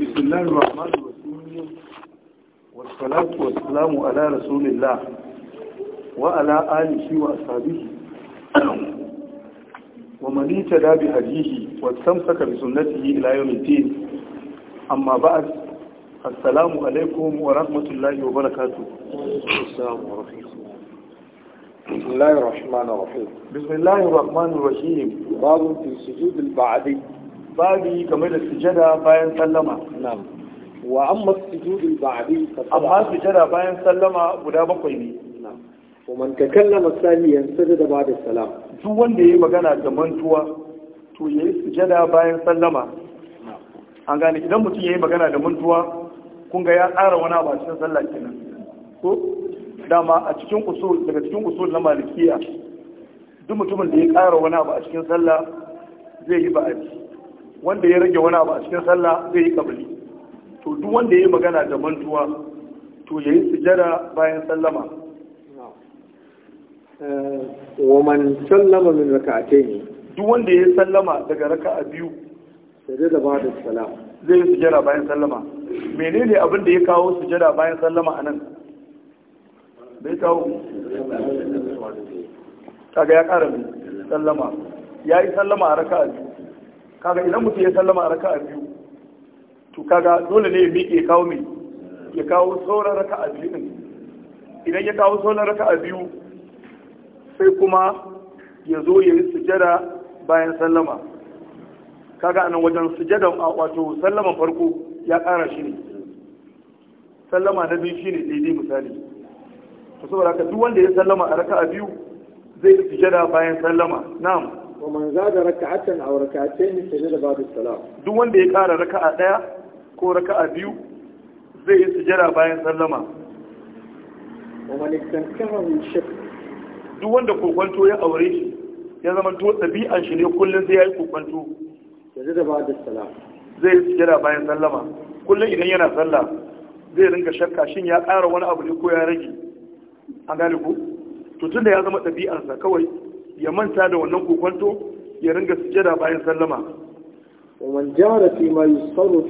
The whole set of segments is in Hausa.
بسم الله الرحمن الرحيم والصلاة والسلام على رسول الله وعلى آله وأصحابه ومن اهتدى بهديه واستمسك بسنته إلى يوم الدين أما بعد السلام عليكم ورحمة الله وبركاته السلام عليكم بسم الله الرحمن الرحيم بسم الله الرحمن الرحيم باب في السجود البعدي babi game da sujada bayan sallama na'am wa amma sujudul ba'di amma sujada bayan sallama guda bakwai ne na'am wa man takallama saliyan ba ba'da salam duk wanda yayi magana da mantuwa to yayi sujada bayan sallama an gane idan mutum yayi magana da mantuwa kun ga ya tsara wani abu a cikin sallah kenan ko dama a cikin usul daga cikin usul na malikiya duk mutumin da ya tsara wani abu a cikin sallah zai yi ba'adi wanda ya rage wani abu a cikin sallah zai yi kabali to duk wanda ya yi magana da mantuwa to ya yi sujada bayan sallama eh, wa man sallama min raka'atayn duk wanda ya sallama daga raka'a biyu da ba da salam zai yi sujada bayan sallama menene abin da ya kawo sujada bayan sallama anan bai kawo kaga ya ƙara sallama ya yi sallama a raka'a biyu kaga idan mutum ya sallama a raka'a biyu to kaga dole ne ya miƙe ya kawo mai ya kawo sauran raka'a biyu din idan ya kawo sauran raka'a biyu sai kuma ya zo ya yi sujada bayan sallama kaga anan wajen sujadan a wato sallaman farko ya ƙara shi ne sallama na biyu shine daidai misali to saboda haka duk wanda ya sallama a raka'a biyu zai yi sujada bayan sallama na'am wa man zada raka'atan aw raka'atayn sajada ba'da salam duk wanda ya kara raka'a daya ko raka'a biyu zai yi sujada bayan sallama wa man istankaha shak duk wanda kokwanto ya aure shi ya zama to dabi'an shi ne kullun sai yayi kokwanto sajada ba'da salam zai yi sujada bayan sallama kullun idan yana sallah zai ringa shakka shin ya kara wani abu ne ko ya rage an gane ku to tunda ya zama ɗabi'arsa kawai ya manta da wannan kokonto ya ringa sujada bayan sallama Wannan jara fi mai yusarru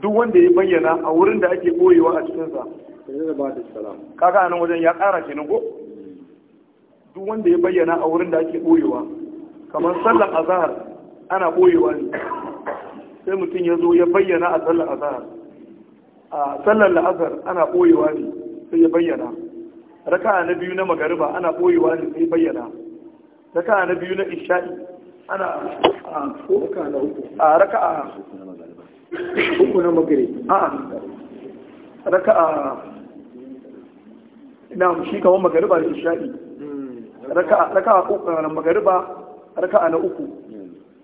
duk wanda ya bayyana a wurin da ake boyewa a cikin sa da ba da salam kaga anan wajen ya ƙara kenan ko duk wanda ya bayyana a wurin da ake boyewa kamar sallar azhar ana boyewa ne sai mutum ya zo ya bayyana a sallar azhar a sallar la'azar ana boyewa ne sai ya bayyana raka'a na biyu na magariba ana boyewa ne sai bayyana raka na biyu na isha'i ana ko na uku a raka a uku na magare a raka a na shi kawo magariba da isha'i hmm. raka a uku na magariba raka a na uku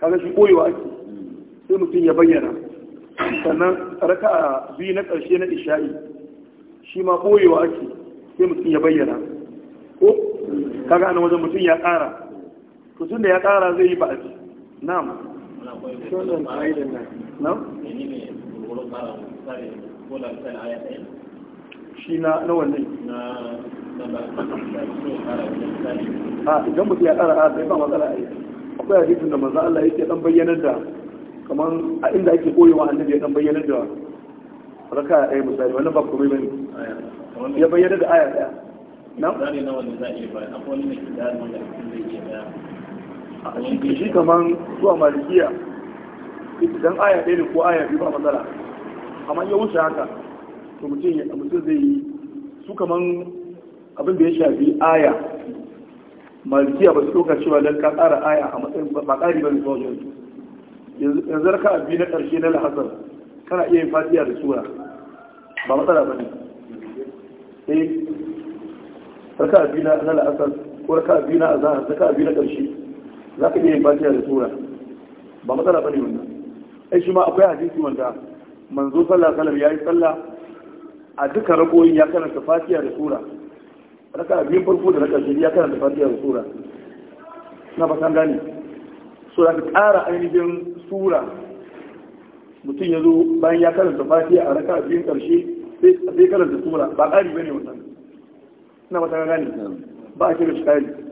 kaga shi koyewa ake sai mutum ya bayyana sannan raka a biyu na ƙarshe na isha'i shi ma koyewa ake sai mutum ya bayyana ko kaga ana wajen mutum ya ƙara to da ya kara zai yi ba abi na'am shi na na wannan a idan mutum ya ƙara a ba matsala a yi akwai hadisin da manzo Allah yake dan bayyanar da kamar a inda ake koyewa a ya dan bayyanar da raka ɗaya misali wannan ba komai bane ya bayyana da aya ɗaya na? Zane na wanda za a iya bayan, akwai wani mai kidarin zai iya shi kamar zuwa malikiya idan aya ɗaya ne ko aya biyu ba matsala amma ya wuce haka to mutum ya mutum zai yi su kamar abin da ya shafi aya malikiya ba su ɗauka cewa don ka tsara aya a matsayin ba ƙari ba zuwa wajen yanzu ka abi na ƙarshe na lahasar kana iya yin fatiya da sura ba matsala ba ne eh raka biyu na lahasar ko raka biyu na azahar raka biyu na ƙarshe za ka iya yin fatiha da sura ba matsala bane wannan ai shi ma akwai hadisi wanda manzo sallallahu alaihi ya yi sallah a duka rakoyin ya karanta fatiha da sura raka biyun farko da raka shiri ya karanta fatiha da sura na ba san gane so za ka ƙara ainihin sura mutum ya zo bayan ya karanta fatiha a raka biyun karshe sai karanta sura ba ƙari bane wannan na ba san gane ba a kira shi ƙari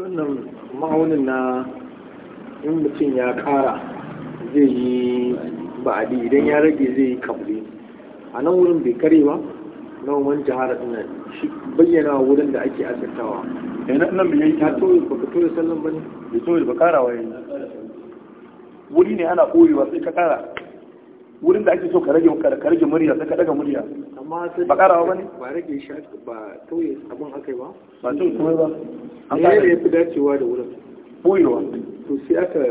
wannan ma'aunin na in mutum ya ƙara zai yi ba'adi idan ya rage zai yi kabli a nan wurin bai kare ba na wani jihar ina shi bayyana wurin da ake asirtawa yana eh, nan bai yi ta toye ba ka toye sallan ba ne bai toye ba wa yanzu wuri ne ana koyewa sai ka kara wurin da ake so ka rage ka rage murya sai ka daga murya amma ba karawa bane ba rage shi ba tauye abin akai ba ba tauye kuma ba an ka ne fi dacewa da wurin boyewa to sai aka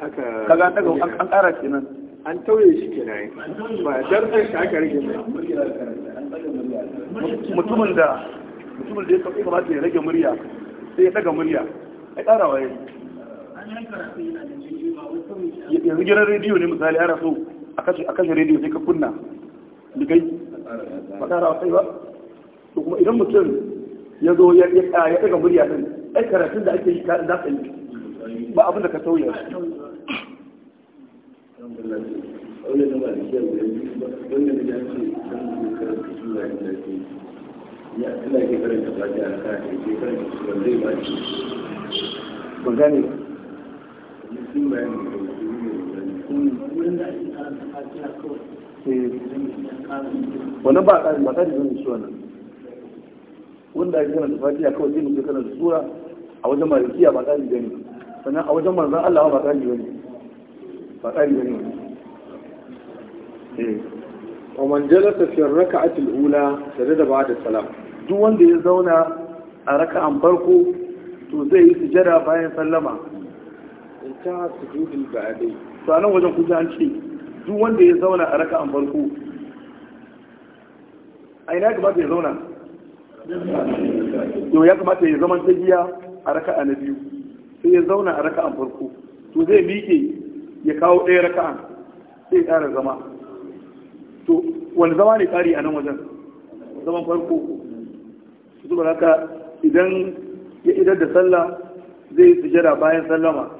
aka kaga daga an kara kenan an tauye shi kenan ba dan sai shi aka rage murya mutumin da mutumin da ya kafa ba ya rage murya sai ya daga murya ai karawa yayi ya gidan rediyo ne misali ana so a kashe rediyo sai ka kunna ligai ba ƙara wa kai ba to kuma idan mutum ya zo ya ɗaga murya ɗin ai karatun da ake yi ka za ka yi ba abin da ka sauya ban gane ba Eh. wannan ba ƙari ba ƙari zai shi wannan wanda ake kana da a kawai zai mutu kana da sura a wajen malikiya ba ƙari gani sannan a wajen manzan Allah ba ƙari gani ba ƙari gani eh. wa man jalasa fi a ula tare da ba'da salam duk wanda ya zauna a raka'an farko to zai yi sujada bayan sallama in ta sujudul ba'dai to anan nan wajen kusa an ce duk wanda ya zauna a raka'an farko a ina ya kamata ya zauna yau ya kamata ya zama ta giya a raka'a na biyu sai ya zauna a raka'an farko to zai miƙe ya kawo ɗaya raka'an? sai ya ƙara zama to wani zama ne ƙari a nan wajen zaman farko su zuba haka idan ya idar da sallah zai sujada bayan sallama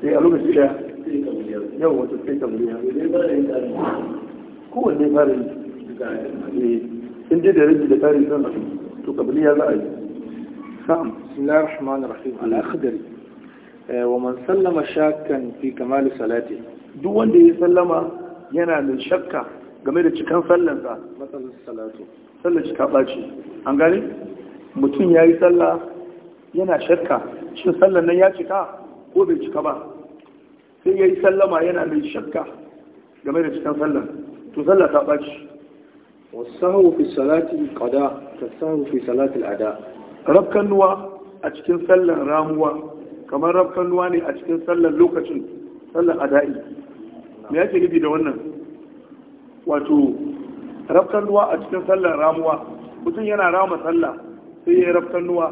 sai eh, a lokaci da yau wata sai tamuriya kowanne fara yi eh, in dai da rage da tsari zan to kabiliya za a yi Sam. bismillahir rahmanir rahim al-akhdari eh, wa man sallama shakkan fi kamal salati duk wanda ya sallama yana da shakka game da cikan sallansa matsalar salatu sallar cika ce. an gani mutum ya yi sallah yana shakka shin sallar nan ya cika ko bai cika ba sai ya yi sallama yana mai shakka game da cikin sallar to sallar ta ɓaci wasu fi salatin kada ta sahu fi salatin ada nuwa a cikin sallar ramuwa kamar nuwa ne a cikin sallar lokacin sallar ada'i me yake nufi da wannan wato nuwa a cikin sallar ramuwa mutum yana rama sallah sai ya yi nuwa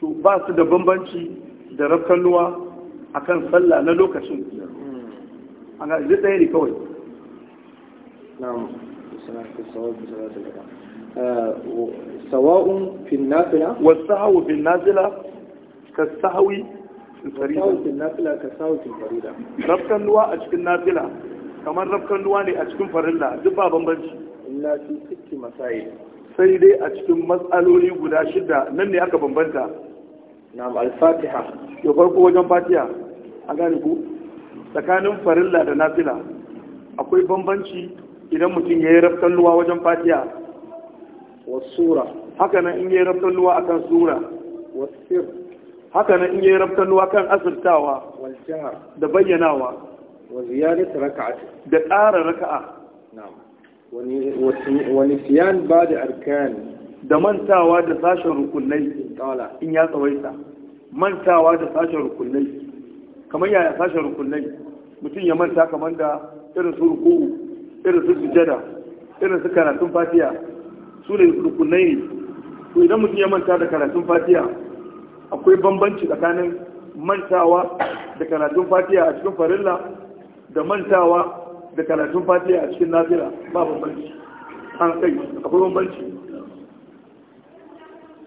to ba su da bambanci da rafkalluwa a kan sallah na lokacin a ga zai tsaye ne kawai eh, sawa'un fin nafila wasu fin nafila ka sahawi fin nafila ka sahawi fin farida rafkalluwa a cikin nafila kamar luwa ne a cikin farilla duk ba bambanci illa fi sai dai a cikin matsaloli guda shida nan ne aka bambanta na al-fatiha to farko wajen fatiha a gane ku tsakanin farilla da nafila akwai bambanci idan mutum ya yi raftar luwa wajen fatiha wa sura haka nan in ya yi raftar luwa akan sura wa sir haka nan in ya yi raftar luwa kan asirtawa wal jahar da bayyanawa wa ziyadat raka'at da tsara raka'a na'am wani wani siyan ba da arkani da mantawa da sashen rukunai kawala in ya tsawaita mantawa da sashen rukunai kamar yaya sashen rukunai mutum ya manta kamar da irin su ruku irin su sujada irin su karatun fatiya su ne rukunai ne to idan mutum ya manta da karatun fatiya akwai bambanci tsakanin mantawa da karatun fatiya a cikin farilla da mantawa da karatun fatiya a cikin nafila ba bambanci an kai akwai bambanci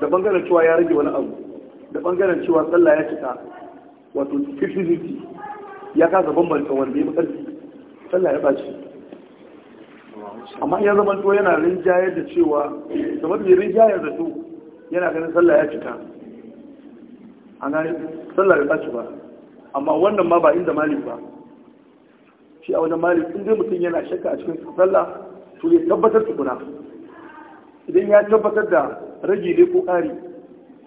da bangaren cewa ya rage wani abu da bangaren cewa sallah ya cika wato fifiliti ya kasa bambanta wanda ya fi tsalla sallah ya ɓaci amma ya zama to yana rinjayar da cewa da mafi rinjayar da to yana ganin sallah ya cika a gani sallah ya ɓaci ba amma wannan ma ba inda malik ba shi a wajen malik inda mutum yana shakka a cikin sallah to ya tabbatar tukuna idan ya tabbatar da rage ne ko ƙari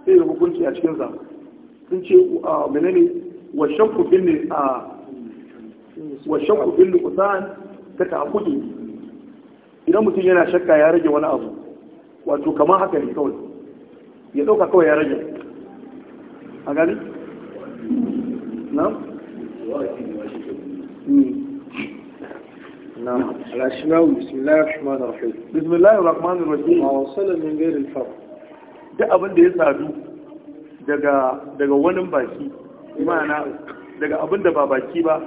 sai ya hukunci a cikin sa sun ce a menene wa shakku bin ne a wa ta kuɗi idan mutum yana shakka ya rage wani abu wato kamar haka ne kawai ya ɗauka kawai ya rage a gani na? نعم الأشماوي بسم الله الرحمن الرحيم بسم الله الرحمن الرحيم ما وصل من غير الفرق da abin ya sadu daga wani baki daga abin ba baki ba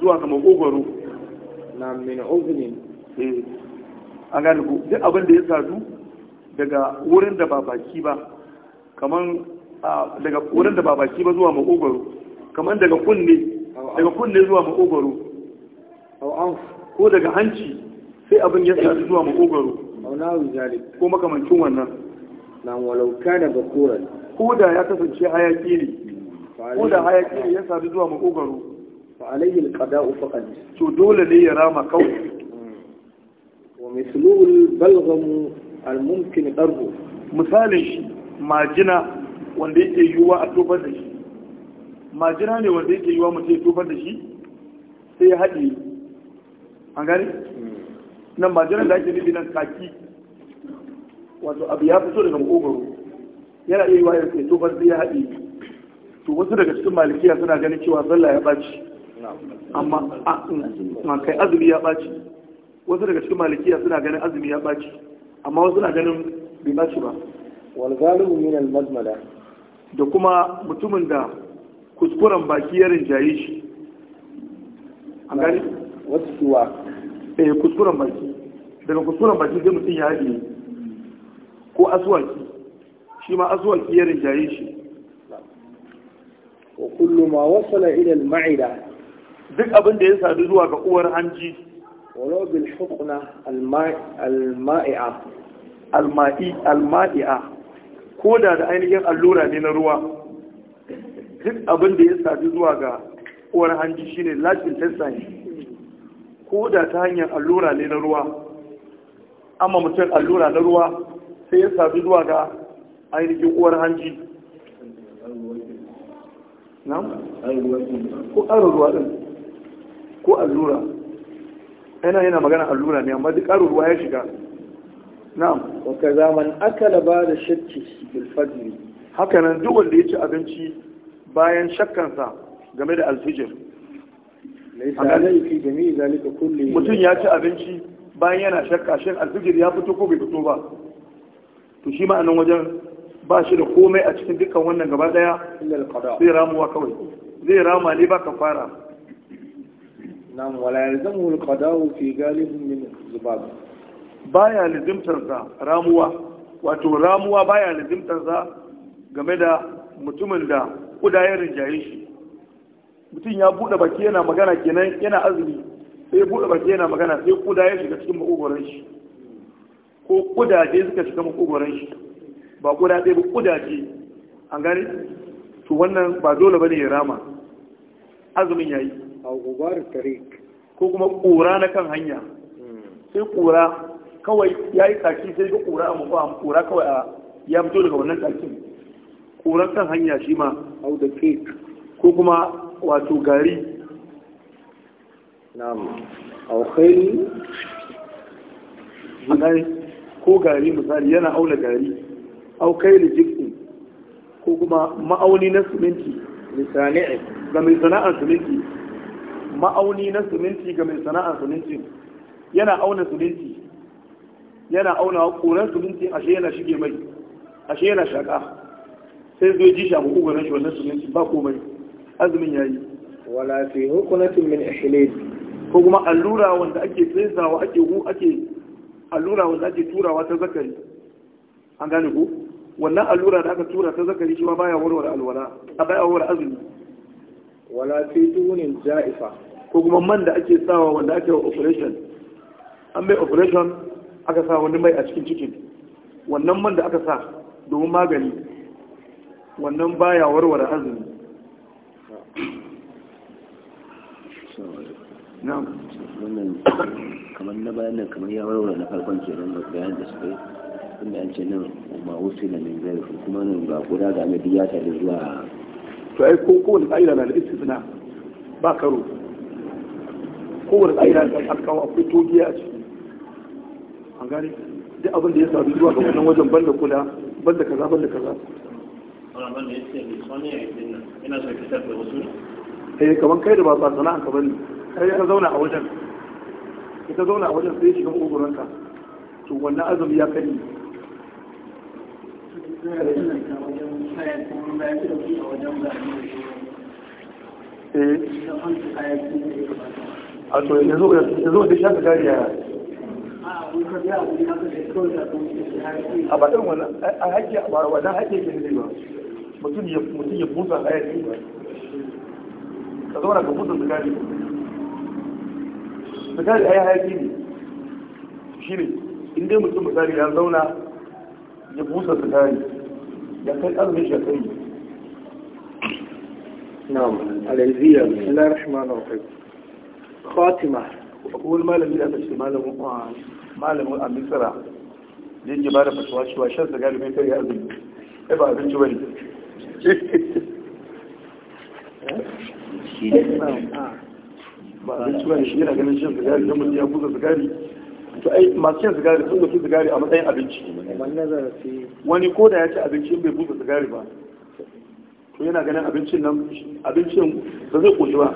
zuwa ga makogwaro na min uznin eh gane ku duk abin ya sadu daga wurin ba baki ba kaman daga wurin kaman daga kunne zuwa makogwaro au ko daga hanci sai abin ya sadu zuwa makogaro ko makamancin wannan nan walauka da bakoran ko da ya kasance hayaki ne ko da hayaki ne ya sadu zuwa makogaro fa alayhi alqada'u faqad to dole ne ya rama kawai wa almumkin darbu misalin shi majina wanda yake yiwuwa a tofar da shi majina ne wanda yake yiwuwa mutum ya tofar da shi sai ya haɗe an gani nan majalar da ake nufi nan kaki wato abu ya fito daga makogaro yana iya yi wa ya to ba zai ya haɗe to wasu daga cikin malikiya suna ganin cewa sallah ya ɓaci amma a kai azumi ya ɓaci wasu daga cikin malikiya suna ganin azumi ya ɓaci amma wasu na ganin bai ɓaci ba wal galibu min al da kuma mutumin da kuskuren baki ya rinjaye shi an gani wasu kiwa ɗaya eh, kuskuren baki daga kuskuren baki zai mutum ya haɗe ko asuwaki shi ma asuwaki ya rinjaye shi wa kullu ma wasala ila al-ma'ida duk abin da ya sadu zuwa ga uwar hanji walau bil hukna al-ma'i'a al-ma'i'a ko da da ainihin allura ne na ruwa duk abin da ya sadu zuwa ga uwar hanji shine last intestine ko da ta hanyar allura ne na ruwa amma mutum allura na ruwa sai ya sabi zuwa ga ainihin uwar hanji ko ƙarin ruwa ɗin ko allura yana yana magana allura ne amma duk ƙarin ruwa ya shiga na'am wa kaza aka laba ba da shakki bil hakanan haka nan duk wanda ya ci abinci bayan shakkansa game da alfijir mutum ya ci abinci bayan yana shakka shi alfijir ya fito ko bai fito ba to shi ma'anin wajen ba shi da komai a cikin dukkan wannan gaba daya zai ramuwa kawai zai rama ne ba kafara nam wala yalzamu alqada'u fi galibin min zubab baya lazimtar sa ramuwa wato ramuwa baya lazimtar sa game da mutumin da kudayen rinjaye shi mutum ya buɗe baki yana magana kenan yana azumi sai ya buɗe baki yana magana sai kuda ya shiga cikin makogoron shi ko kudaje suka shiga makogoron shi ba kuda ɗaya ba kudaje an gane to wannan ba dole bane ya rama azumin yayi a gubar tariq ko kuma kura na kan hanya sai kura kawai yayi tsaki sai ga kura amma ba kura kawai a ya fito daga wannan tsakin kuran kan hanya shi ma au da ko kuma wato gari na'am aukai agai ko gari misali yana auna gari aukai da jikin ko kuma ma'auni na siminti ga mai sana'ar siminti ma'auni na siminti ga mai sana'ar siminti yana auna siminti yana auna ƙunar siminti ashe yana shige mai ashe yana shaka sai zai ji shafi kogonan shi wannan siminti ba komai azumin ya yi. wala fi hukunatin min ihlil ko kuma allura wanda ake tsinsawa ake hu ake allura wanda ake turawa ta zakari an gane ku wannan allura da aka tura ta zakari shi ma baya warware alwala a baya warware azumi wala fi tunin ja'ifa ko kuma man da ake sawa wanda ake wa operation an mai operation aka sa wani mai a cikin cikin wannan man da aka sa domin magani wannan baya warware azumi wannan kamar na bayan nan kamar ya warware na farkon kenan da bayan da suka yi inda an ce nan ma wuce na min zarafi kuma nan ba guda ga mai biya ta da zuwa to ai ko kowane ƙa'ida na da suna ba karo kowane ƙa'ida da an kawo akwai togiya a ciki an gane duk abin da ya sami zuwa ga wannan wajen banda kula banda kaza banda kaza eh kaman kai da ba ba sana'a ka bane kai ka zauna a wajen ka zauna a wajen sai shiga kokorin ka to wannan azumi ya kai eh a to yanzu yanzu da shaka gari ya a ba ɗin wannan a hajji a bara wannan hajji ke ne ba mutum ya mutum ya busa haya ce ka zauna ka busa zikari zikari ai hayaki ne shi ne in dai mutum misali ya zauna ya busa zikari ya kai azumin shi ya kai نعم العزية بسم الله الرحمن الرحيم خاتمة أقول ما لم يأتي ما لم ما لم أمسرع لين جبارة فتوى شوى شاذ قالوا بيتري أزمي إبا أبنت ولي ba a cikin yana ganin shan sigari don mutum ya buza sigari to ai masu shan sigari sun dauki sigari a matsayin abinci wani ko da ya ci abinci bai buza sigari ba to yana ganin abincin nan abincin ba zai koshi ba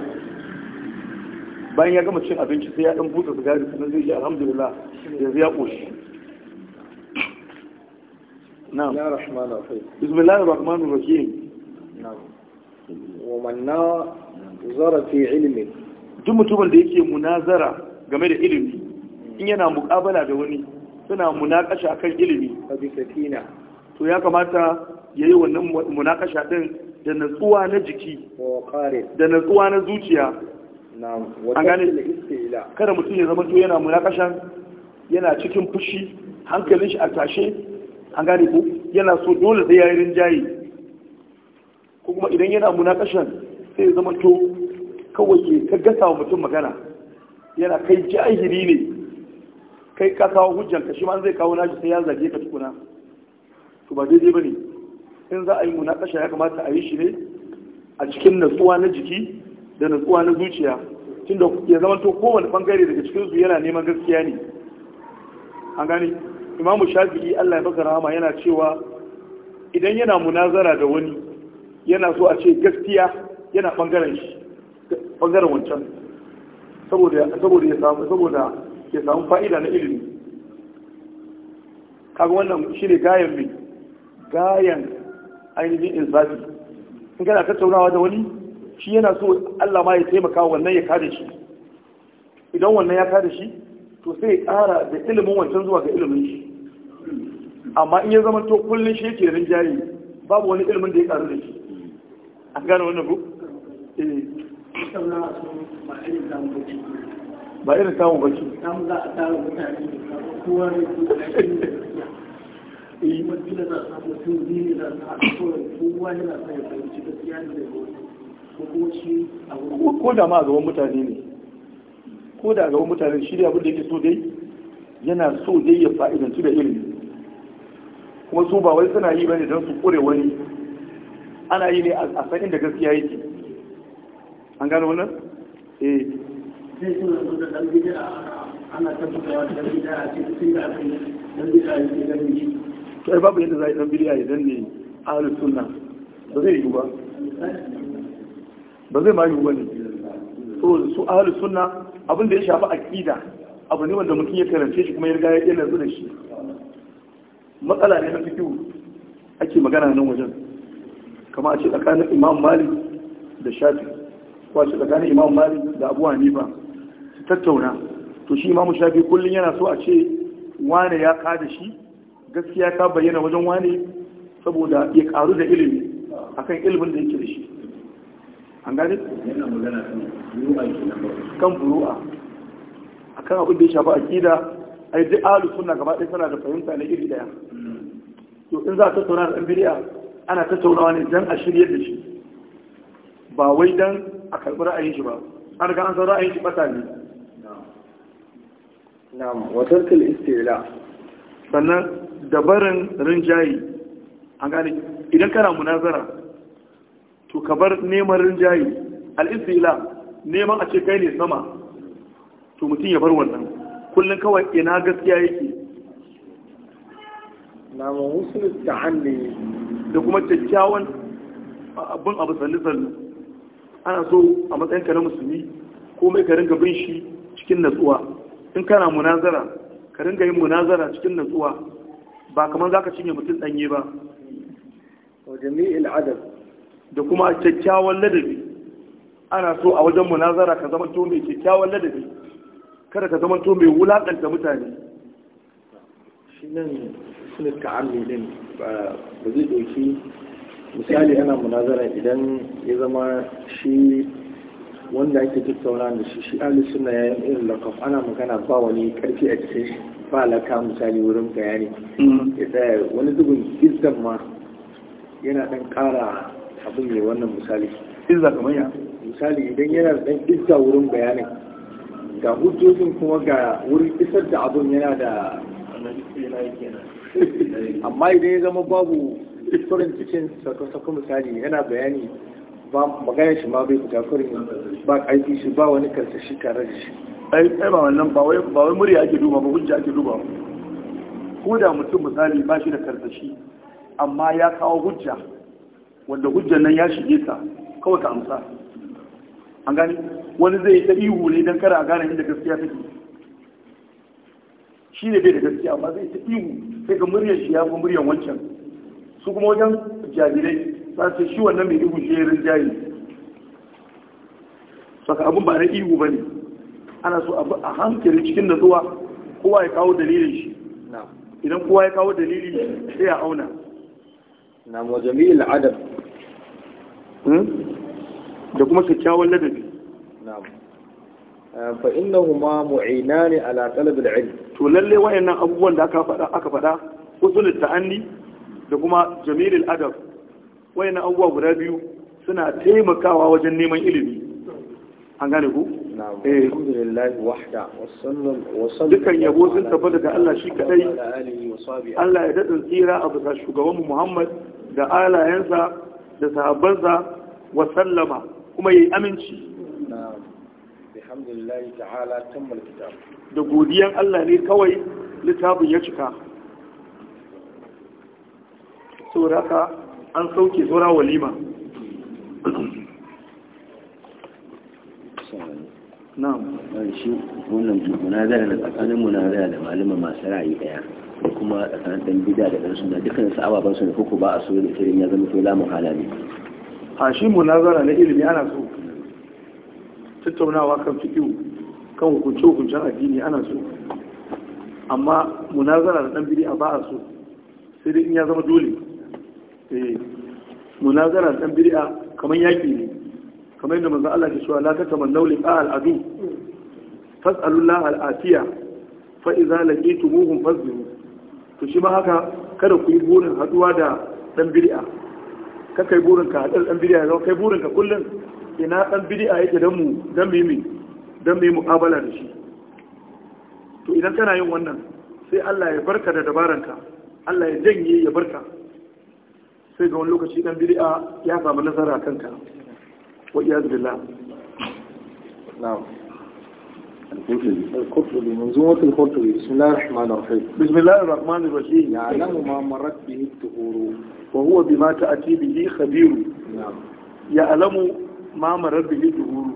bayan ya gama cin abinci sai ya ɗan buza sigari sannan zai yi alhamdulillah yanzu ya koshi نعم يا رحمن الرحيم بسم الله الرحمن الرحيم نعم ومن نظر في علمه duk mutumin da yake munazara game da ilimi in yana mukabala da wani suna munakasha kan ilimi to ya kamata ya yi wannan munakasha din da natsuwa na jiki da natsuwa na zuciya an gane kada mutum ya zama to yana munakashan yana cikin fushi hankalin shi a tashe an gane ku yana so dole sai yayi jayi ko kuma idan yana munakashan sai ya zama to kawai ke ka gasa wa mutum magana yana kai jahiri ne kai ka kawo hujjanka shi ma zai kawo naji sai ya zage ka tukuna to ba daidai bane in za a yi munakasha ya kamata a yi shi ne a cikin natsuwa na jiki da natsuwa na zuciya tunda ya zama to kowane bangare daga cikin su yana neman gaskiya ne an gane imamu shafi'i Allah ya masa rahama yana cewa idan yana munazara da wani yana so a ce gaskiya yana bangaren shi bangaren wancan saboda ya samu saboda ya samu fa'ida na ilimi kaga wannan ne gayan mai gayan ainihin insafi in kana tattaunawa da wani shi yana so Allah ma ya taimaka wannan ya kada shi idan wannan ya kada shi to sai ya ƙara da ilimin wancan zuwa ga ilimin shi amma in ya zama to kullum shi yake rinjaye babu wani ilimin da ya karu da shi a gane wannan ku eh. ba irin samun baki ko da ma a gaban mutane ne ko da a gaban mutane shirya da abin da yake so dai yana so dai ya fa'idantu da ilimi kuma su ba wai suna yi bane don su kure wani ana yi ne a san inda gaskiya yake an gano wannan eh zai yi da dan gida ana ta tabbatawa da gida a cikin da aka dan gida bid'a yake dan gida to ai babu yadda za a yi dan bid'a ya danne ahlus sunna ba zai yi ba ba zai ma yi ba ne to su ahlus sunna abin da ya shafi aqida abu ne wanda mutum ya karance shi kuma ya riga ya ilmi da shi matsala ne na fikihu ake magana nan wajen kama a ce tsakanin imam malik da shafi ko a ce tsakanin imam malik da abu hanifa su tattauna to shi imam shafi kullum yana so a ce wane ya ka da shi gaskiya ta bayyana wajen wane saboda ya karu da ilimi akan ilimin da yake da shi an gane? kan buru'a akan abin da ya shafi aƙida ai duk alu suna gaba ɗaya suna da fahimta na iri ɗaya to in za a tattauna da ɗan ana tattaunawa ne don a shirya da shi ba wai don a karɓi ra'ayin shi ba an ga an san ra'ayin shi ɓata ne na'am wa tarkil istila sannan dabarin rinjayi an gane idan kana munazara to ka bar neman rinjayi al-istila neman a ce kai ne sama to mutum ya bar wannan kullum kawai ina gaskiya yake na mawusul ta hannu da kuma kyakkyawan abin abu sannu-sannu ana so a matsayin ka na musulmi ko mai ka ringa bin shi cikin natsuwa in kana munazara ka ringa yin munazara cikin natsuwa ba kamar za ka cinye mutum danye ba wa jami'il adab da kuma kyakkyawan ladabi ana so a wajen munazara ka zama to mai kyakkyawan ladabi kada ka zama to mai wulakanta mutane shi nan sunan ta'ammi din ba zai ɗauki misali ana munazara idan ya zama shi wanda ake tattauna da shi shi ali suna yayin irin lakaf ana magana ba wani karfi a cikin shi ba laka misali wurin bayani mm. ya tsaya wani zubin izzan ma yana dan kara abin ne wannan misali izza kamar ya misali idan yana dan izza wurin bayanin ga hujjojin kuma ga wurin isar da abin yana da amma idan ya zama babu farin cikin sakamakon misali yana bayani ba magana shi ma bai fita farin ba ƙarfi shi ba wani karsa shi tare da shi ai ba wannan ba wai murya ake duba ba hujja ake duba ko da mutum misali ba shi da karsashi amma ya kawo hujja wanda hujjan nan ya shige ta kawai ka amsa an gani wani zai yi ta ihu ne don kara a gane inda gaskiya take shi ne bai da gaskiya amma zai ta ihu sai ga muryar shi ya fi muryar wancan su kuma wajen jarirai za su shi wannan mai ihu shi ya rinjaye saka abin ba na ihu ba ne ana so abu a hankali cikin zuwa kowa ya kawo dalilin shi idan kowa ya kawo dalilin shi, sai ya auna na majami'il adab hmm? da kuma kyakkyawan ladabi eh, fa innahuma mu'inani ala talab al-ilm to lalle wayannan abubuwan da aka faɗa aka faɗa usul ta'anni da kuma jamil al-adab wayannan abubuwa guda biyu suna taimakawa wajen neman ilimi an gane ku eh. alhamdulillah wahda dukkan yabo sun tabbata ga Allah shi kadai Allah ya dadin tsira a bisa shugaban Muhammad da alayensa da sahabbansa wasallama. kuma yi aminci da godiyan Allah ne kawai littafin ya cika Sauraka an sauke zura walima na'am shi wannan zai na tsakanin munazara da malama masu ra'ayi daya da kuma tsakanin dan bid'a da ɗansu, na dukkan su ababan su da kuku ba a so da irin ya zama to la muhala ne a shi munazara na ilimi ana so tattaunawa kan fiƙiyu kan hukunce-hukuncen addini ana so amma munazara da ɗan biri a ba a so sai dai in ya zama dole eh, munazara da ɗan biri a kamar yaƙi ne kamar yadda manzan Allah ke shuwa la ta taman naulin a al'adu fas'alullah al'afiya fa iza laqitu muhum fasbiru to shi ma haka kada ku yi burin haduwa da ɗan a Ka kai burinka a ɗan bidiya zama kai burinka kullum ina ɗan bidiya yake don mu don mu yi don mu yi da shi to idan kana yin wannan sai Allah ya barka da dabaranka Allah ya janye ya barka sai ga wani lokaci ɗan bidiya ya samu nasara kanka wa iyazu billah na'am القرطبي منظومة القرطبي بسم الله الرحمن الرحيم بسم الله الرحمن الرحيم يعلم ما مرت به الدهور وهو بما تأتي به خبير يعلم ما مرت به الدهور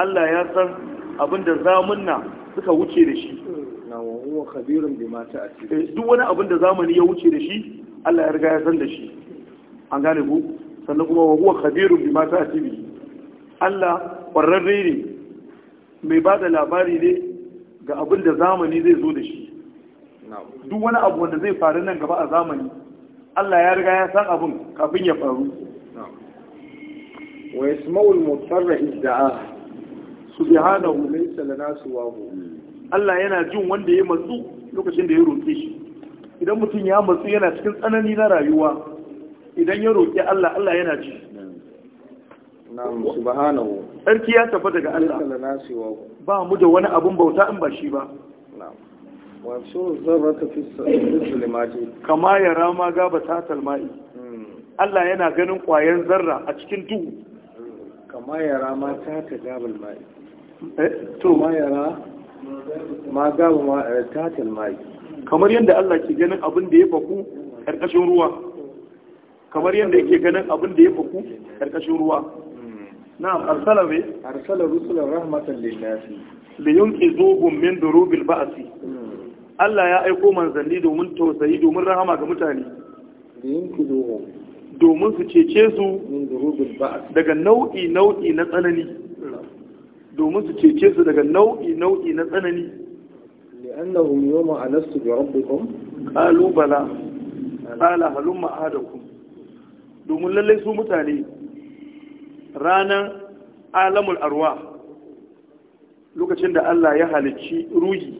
الله يسر abin da zamunna suka wuce da shi na khabirun ta'ati duk wani abin da zamani ya wuce da shi Allah ya riga ya san da shi an gane Allah ƙwararre ne mai ba da labari ne ga abin da zamani zai zo da shi duk wani abu wanda zai faru nan gaba a zamani Allah ya riga ya san abin kafin ya faru wa yasma'ul mutarra idda'a subhanahu laysa su suwahu Allah yana jin wanda ya matsu lokacin da ya roƙe shi idan mutum ya matsu yana cikin tsanani na rayuwa idan ya roƙi Allah Allah yana ji subhanahu sarki ya tabbata daga Allah ba mu da wani abun bauta in ba shi ba na'am zarrata fi sulimati kama ya rama gaba ta talmai hmm. Allah yana ganin kwayan zarra a cikin duhu kama ya rama ta ta gabal mai eh, to ma ya ra ma gaba ma eh, ta talmai kamar yadda Allah ke ganin abin da ya faku karkashin ruwa kamar yadda yake ganin abin da ya faku karkashin ruwa na'am arsala bi arsala rusulan rahmatan lin nasi li yunqizuhum min durubil ba'si Allah ya aiko manzanni domin tausayi domin rahama ga mutane domin su cece su daga nau'i nau'i na tsanani domin su cece su daga nau'i nau'i na tsanani li'annahum yawma alastu bi rabbikum qalu bala qala halumma ahadakum domin lallai su mutane ranar alamul arwa lokacin da Allah ya halicci ruhi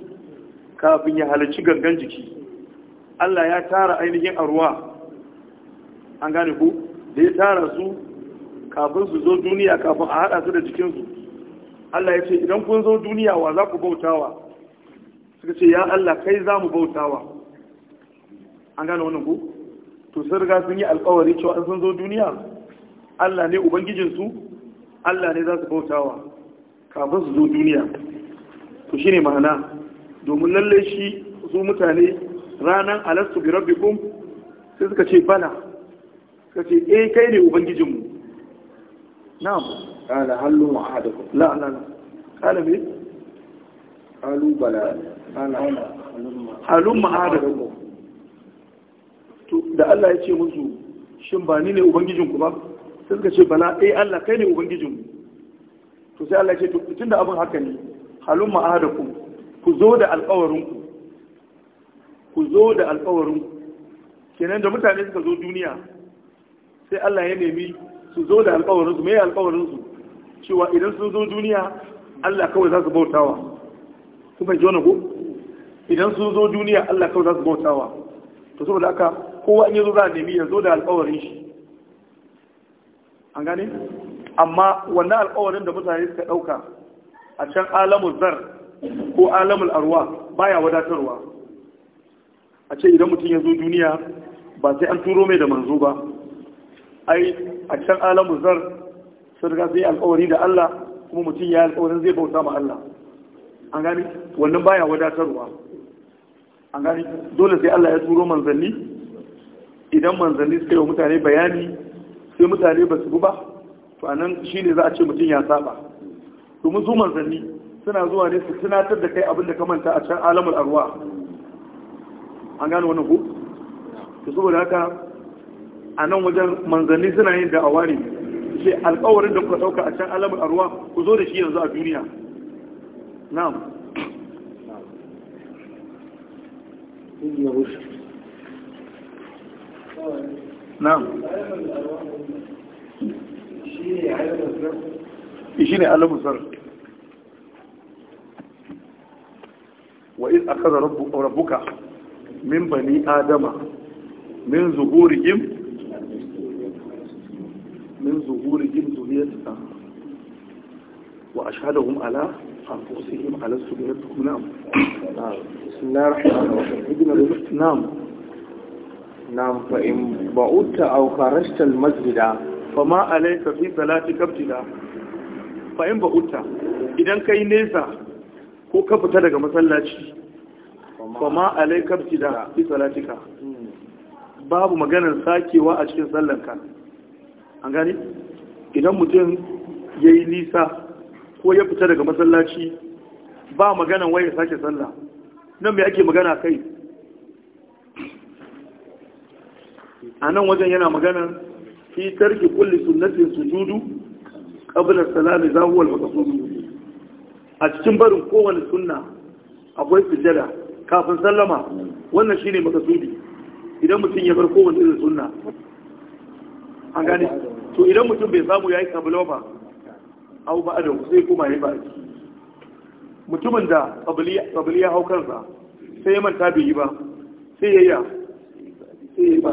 kafin ya halicci gangan jiki Allah ya tara ainihin arwa an gane ku da ya tara su kafin su zo duniya kafin a haɗa su da jikinsu Allah ya ce idan kun zo duniya wa za ku bautawa suka ce ya Allah kai za mu bautawa an gane wannan ku to sun riga sun yi alkawari cewa sun zo duniya Allah ne ubangijinsu Allah ne za su bautawa kafin su zo duniya shi ne ma'ana domin lalle shi su mutane ranar alastu bi rabbikum sai suka ce bala suka ce eh kai ne ubangijinmu na'am ƙala hallu ahadakum la la la ƙala bi qalu bala qala hallu ahadakum to da Allah ya ce musu shin ba ni ne ubangijinku ba sai suka ce bala eh Allah kai ne ubangijin to sai Allah ya ce to tunda abin haka ne halun ma'adakum ku zo da alƙawarin ku ku zo da alƙawarin ku kenan da mutane suka zo duniya sai Allah ya nemi su zo da alƙawarin su me alƙawarin su cewa idan sun zo duniya Allah kawai za su bautawa ku fahimci wannan ko idan sun zo duniya Allah kawai za su bautawa to saboda haka kowa in yi zo za a nemi ya zo da alƙawarin shi an gane amma wannan alƙawarin da mutane suka ɗauka a can alamul zar ko alamul arwa baya wadatarwa a ce idan mutum ya zo duniya ba sai an turo mai da manzo ba ai a can alamul zar sun riga sai alƙawari da Allah kuma mutum ya alƙawarin zai bauta ma Allah an gane wannan baya wadatarwa an gane dole sai Allah ya turo manzanni idan manzanni suka yi wa mutane bayani sai mutane ba su bi ba to anan shine za a ce mutum ya saba domin su manzanni suna zuwa ne su tunatar da kai abin da ka manta a can alamul arwa an gane wannan ku to saboda haka a nan wajen manzanni suna yin da'awa ne ce alƙawarin da kuka dauka a can alamul arwa ku zo da shi yanzu a duniya na'am na'am shi ne alamun Wa wa aka akaza rabbuka min bani adama min zuhurihim min zuhurihim zuriyatuka wa a sha da ashhadahum ala anfusihim ala sunnatukum nam bismillahir rahmanir rahim nam nam fa in ba'utta aw kharajta al-masjida fa ma alayka fi salati kabtida fa in ba'utta idan kai nesa ko ka fita daga masallaci fa ma alayka kabtida fi salatika babu maganar sakewa a cikin sallarka. an gani idan mutum yayi nisa ko ya fita daga masallaci ba maganan waye sake sallah nan mai ake magana kai a nan wajen yana maganar? fi ki kulli sunnatin sujudu qabla salami za huwa al-maqsud a cikin barin kowane sunna akwai sujada kafin sallama wannan shine maqsudi idan mutum ya bar kowane irin sunna an gane to idan mutum bai samu yayi kabila ba au ba da sai kuma yayi ba mutumin da kabili ya hau kansa sai ya manta bai yi ba sai ya yi ba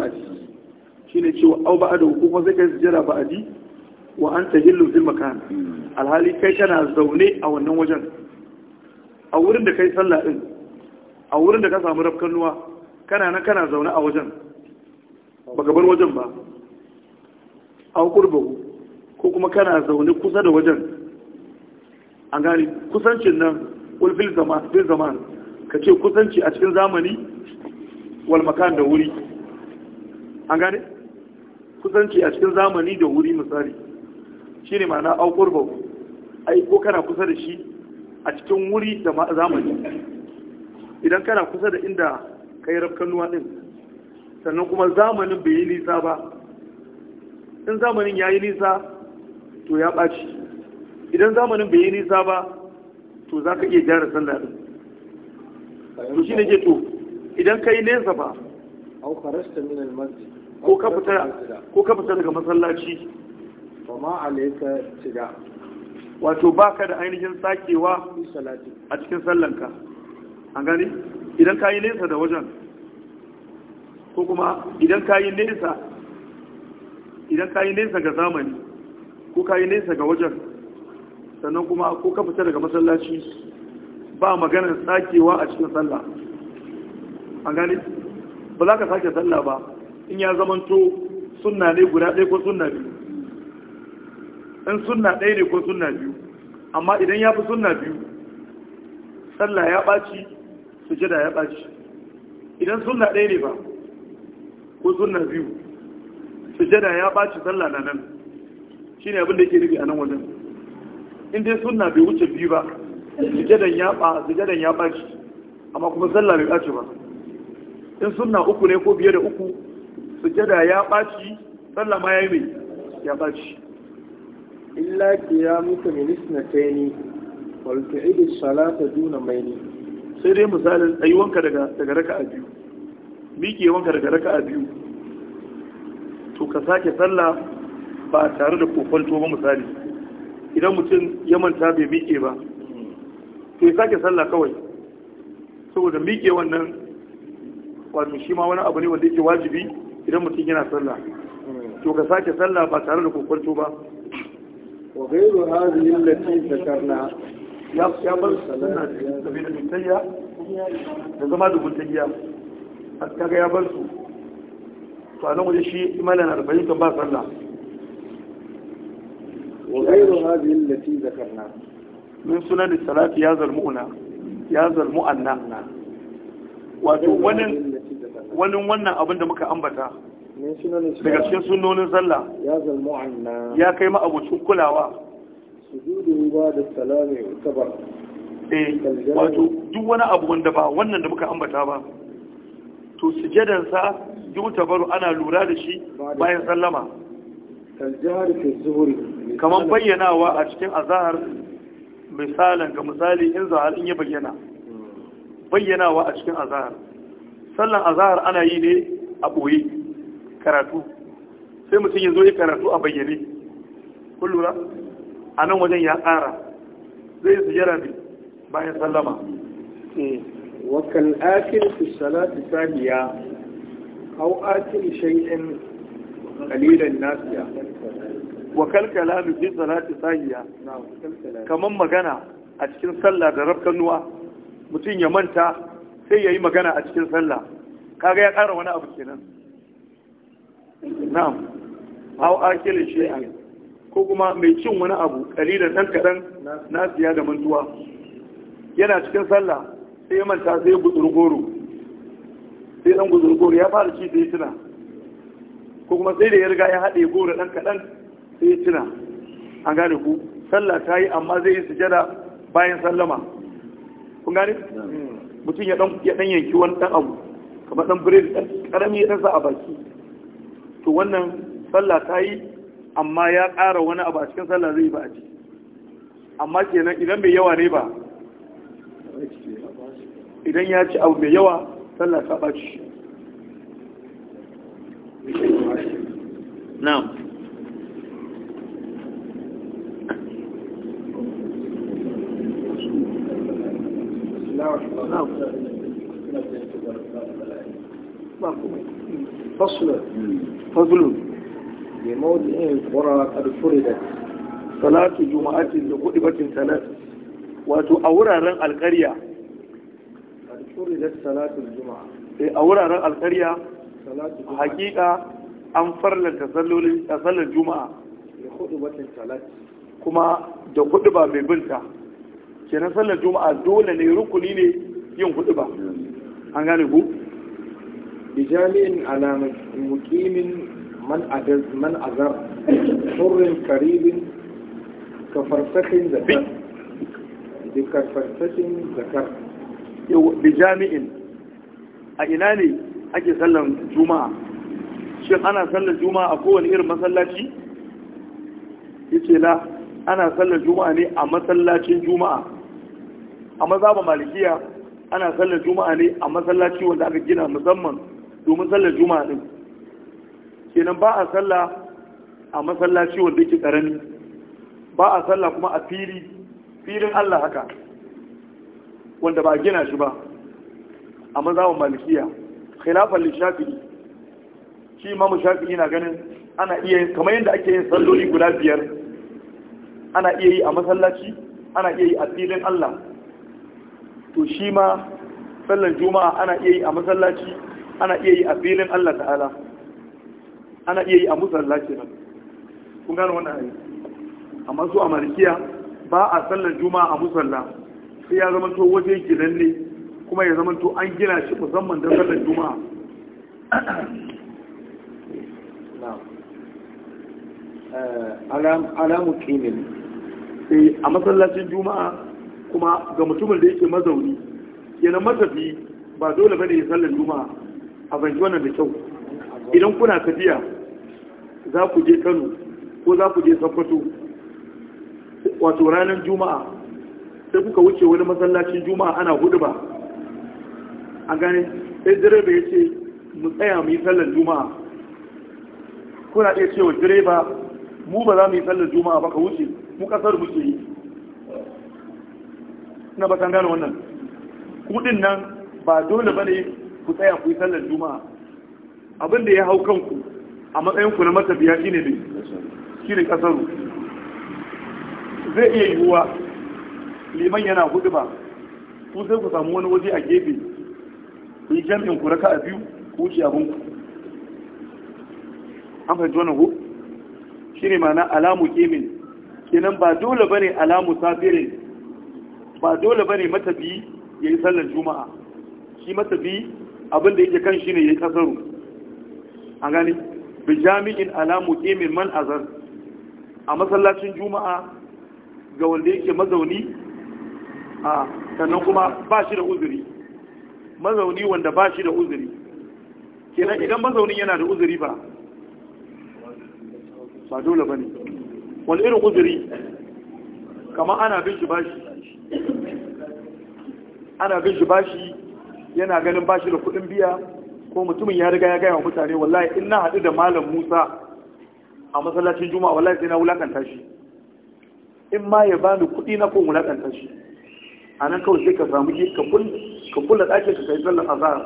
shine cewa au da hukuma sai kai sujada ba'di wa anta hillu fil makan alhali kai kana zaune a wannan wajen a wurin da kai sallah din a wurin da ka samu rafkan nuwa kana nan kana zaune a wajen baka bar wajen ba au qurbahu ko kuma kana zaune kusa da wajen an gani kusancin nan fil zaman fil zaman ka ce kusanci a cikin zamani wal makan da wuri an gane kusanci a cikin zamani da wuri misali shi ne ma'ana aukur ba ai ko kana kusa da shi a cikin wuri da zamani idan kana kusa da inda ka yi rafkanuwa ɗin sannan kuma zamanin bai yi nisa ba in zamanin ya yi nisa to ya ɓaci idan zamanin bai yi nisa ba to za ka iya jara sallah ɗin to shi ne ke to idan ka yi nesa ba au kharajta min al-masjid ko ka fita daga matsalaci ba daga masallaci fama alayka tida wato da ainihin sakewa a cikin sallanka an gani idan ka yi nesa da wajen ko kuma idan yi nesa idan yi nesa ga zamani ko ka yi nesa ga wajen sannan kuma ko ka fita daga masallaci ba maganar sakewa a cikin sallah an gani ba za ka sake sallah ba in ya zamanto sunna ne guda ɗaya ko sunna biyu in sunna ɗaya ne ko sunna biyu amma idan ya fi sunna biyu sallah ya ɓaci sujada ya ɓaci idan sunna ɗaya ne ba ko sunna biyu sujada ya ɓaci sallah na nan shi ne abinda ke nufi a nan wajen in dai sunna bai wuce biyu ba sujadan ya ɓa sujadan ya ɓaci amma kuma sallah bai ɓaci ba in suna uku ne ko biye da uku sujada ya ɓaci sallah ma ya yi mai ya ɓaci illa ya mutu yi isnataini wal tu'idu salata duna maini sai dai misalin wanka daga raka a biyu miƙe wanka daga raka a biyu to ka sake sallah ba tare da kokonto ba misali idan mutum ya manta bai miƙe ba to ya sake sallah kawai saboda miƙe wannan wani shi ma wani abu ne wanda yake wajibi idan mutum yana sallah to ka sake sallah ba tare da kokwanto ba wa gairu hadhihi lati zakarna ya ya bar sunna da bi da mutayya da zama da mutayya kaga ya bar su to anan waje shi imanin arba'in kan ba sallah wa gairu hadhihi lati zakarna min sunan salati ya zalmu'na ya annana wato wani wani wannan abin da muka ambata daga cikin sunnonin sallah ya kai ma'abucin kulawa eh wato duk wani abu wanda ba wannan da muka ambata ba to sujadansa yutabaru ana lura da shi bayan sallama kamar bayyanawa a cikin azahar misalin ga misali in zahar in ya bayyana hmm. bayyanawa a cikin azahar sallan azahar ana yi ne a ɓoye karatu sai mutum ya zo ya karatu a bayyane kun a nan wajen ya ƙara zai ziyara ne bayan sallama eh, Wa wakan akil fi salati sahiya aw akil shay'in qalilan nasiya wakal kalamu fi Salatu Saniya kaman magana a cikin sallah da rabkanuwa mutum ya manta sai ya yi magana a cikin sallah kaga ya ƙara wani abu kenan na'am hau shi shi'an ko kuma mai cin wani abu da ɗan kaɗan na siya da mantuwa yana cikin sallah sai ya manta sai guzurgoro sai ɗan guzurgoro ya fara ci sai tuna ko kuma sai da ya riga ya haɗe goro ɗan kaɗan sai ya tuna an gane ku sallah ta yi amma zai yi sujada bayan sallama kun gane? mutum ya dan yanki wani dan abu kamar dan biredi dan karami ya sa a baki to wannan sallah ta yi amma ya ƙara wani abu a cikin sallah zai ba a ci amma kenan idan mai yawa ne ba idan ya ci abu mai yawa sallah ta ɓaci na'am فصل فضل لموضع القرى قد فردت صلاة جمعة لخطبة ثلاث wato a wuraren alkariya a wuraren alkariya hakika an farlanta sallar juma'a kuma da kudu ba mai binta kenan sallar juma'a dole ne rukuni ne yin hudu ba an gane ku bijami'in alamun mukimin man adaz man azar hurrin karibin kafarsakin zakar da kafarsakin zakar jami'in a ina ne ake sallan juma'a shin ana sallar juma'a a kowane irin masallaci yace la ana sallar juma'a ne a masallacin juma'a a mazaba malikiya ana sallar juma'a ne a masallaci wanda aka gina musamman domin sallar juma'a din kenan ba a sallah a masallaci wanda yake karami ba a sallah kuma a fili filin Allah haka wanda ba a gina shi ba a mazawar malikiya khilafan Lishafi shi imamu shafi'i na ganin ana iya kamar yadda ake yin salloli guda biyar ana iya yi a masallaci ana iya yi a filin Allah to shi ma sallar juma'a ana iya yi a masallaci ana iya yi a filin Allah ta'ala ana iya yi a masallaci nan kun gano wannan ayi amma su a malikiya ba a sallar juma'a a musalla sai ya zama to waje gidan ne kuma ya zama to an gina shi musamman don sallar juma'a eh, alamu kimin eh, a masallacin juma'a kuma ga mutumin da yake mazauni yana matafi ba dole bane ya sallar juma'a a banki wannan da kyau idan kuna tafiya za ku je kano ko za ku je sokoto wato ranar juma'a sai kuka wuce wani masallacin juma'a ana hudu ba a ganin, sai direba ya ce mu tsaya mu yi sallar juma'a kuna iya cewa direba mu ba za mu yi sallar juma'a ba ka wuce mu kasar muke yi na ba gane wannan kudin nan ba dole bane ku tsaya ku yi sallar juma'a abin da ya hau kanku a matsayin ku na matafiya shine ne shine kasaru zai iya yiwuwa liman yana hudu ba ku sai ku samu wani waje a gefe ku yi jam'in ku raka a biyu ku wuce abin ku an fahimci wannan ku shine ma'ana alamu kemin kenan ba dole bane alamu safirin ba dole bane matafi ya yi sallar juma'a shi matafi abin da yake kan shi ne ya yi kasaru A gani bi jami'in alamu muqimin man azar a masallacin juma'a ga wanda yake mazauni a sannan kuma ba shi da uzuri mazauni wanda ba shi da uzuri kenan idan mazaunin yana da uzuri ba ba dole ba ne wani irin uzuri kama ana bin shi bashi ana bin shi bashi yana ganin bashi da kuɗin biya ko mutumin ya riga ya gaya wa mutane wallahi in na haɗu da malam musa a masallacin juma'a wallahi sai na wulakanta shi in ma ya bani kudi na ko wulakanta shi a nan kawai sai ka samu ka kula ɗakin ka kai sallan azhar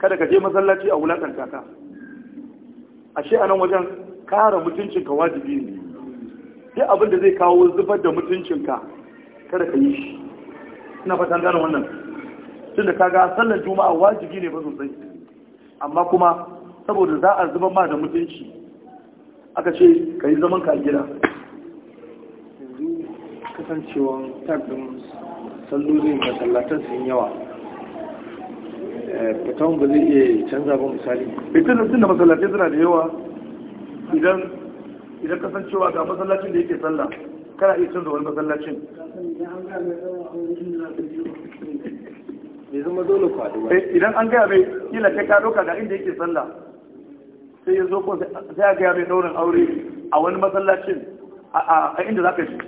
kada ka je masallaci a wulakanta ka ashe a nan wajen kare mutuncinka wajibi ne duk abin da zai kawo zubar da mutuncinka kada ka yi shi ina fatan gane wannan tun da kaga sallar juma'a wajibi ne ba sosai amma kuma saboda za a zubar ma da mutunci aka ce ka yi zaman ka a gida kasancewan tagdin sallolin sun yawa eh, fitan ba zai iya canza ba misali fitan da masallatai suna da yawa idan idan kasancewa ga masallacin da yake sallah kana iya canza wani masallacin eh, idan an gaya mai kila kai ka doka ga inda yake sallah sai ya zo ko sai a gaya mai daurin aure a wani masallacin a inda za ka shi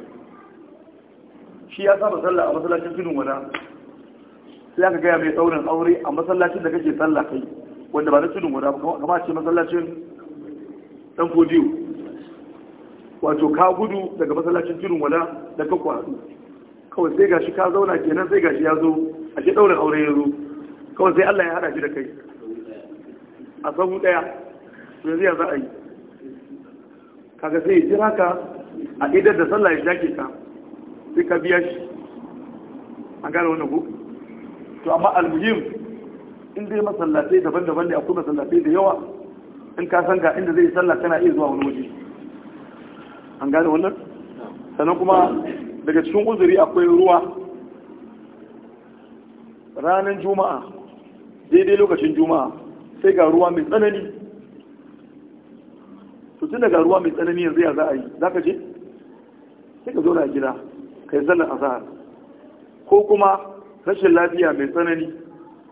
shi ya saba sallah a masallacin tudun wada sai aka gaya mai daurin aure a masallacin da kake sallah kai wanda ba na tudun wada ba kama ce masallacin dan kodiyo wato ka gudu daga masallacin tudun wala da ka kwaru kawai sai gashi ka zauna kenan sai gashi ya zo a shi daura aure ya zo kawai sai Allah ya hada shi da kai a sahu ɗaya to yanzu ya za a yi kaga sai jira ka a idar da sallah ya jake ka sai ka biya shi an gane wannan ku to amma almuhim in dai masallatai daban-daban ne akwai masallatai da yawa in ka san ga inda zai sallah kana iya zuwa wani waje an gane wannan sannan kuma daga cikin uzuri akwai ruwa ranar juma'a daidai lokacin juma'a sai ga ruwa mai tsanani su tun daga ruwa mai tsanani yanzu ya za a yi za ka je sai ka zauna a gida ka yi zallar azahar ko kuma rashin lafiya mai tsanani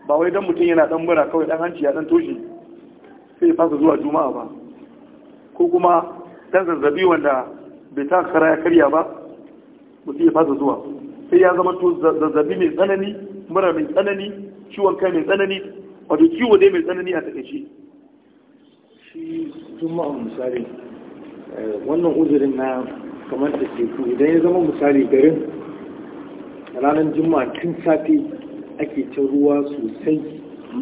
ba wai don mutum yana dan mura kawai dan hanci ya dan toshe sai ya fasa zuwa juma'a ba ko kuma dan zazzabi wanda bai ta kara ya karya ba su ya fasa zuwa sai ya zama to zazzabi mai tsanani mura mai tsanani ciwon kai mai tsanani wato ciwo dai mai tsanani a takaice shi juma'a misali eh, wannan uzurin na kamar da teku idan ya zama misali garin ranar juma'a tun safe ake ta ruwa sosai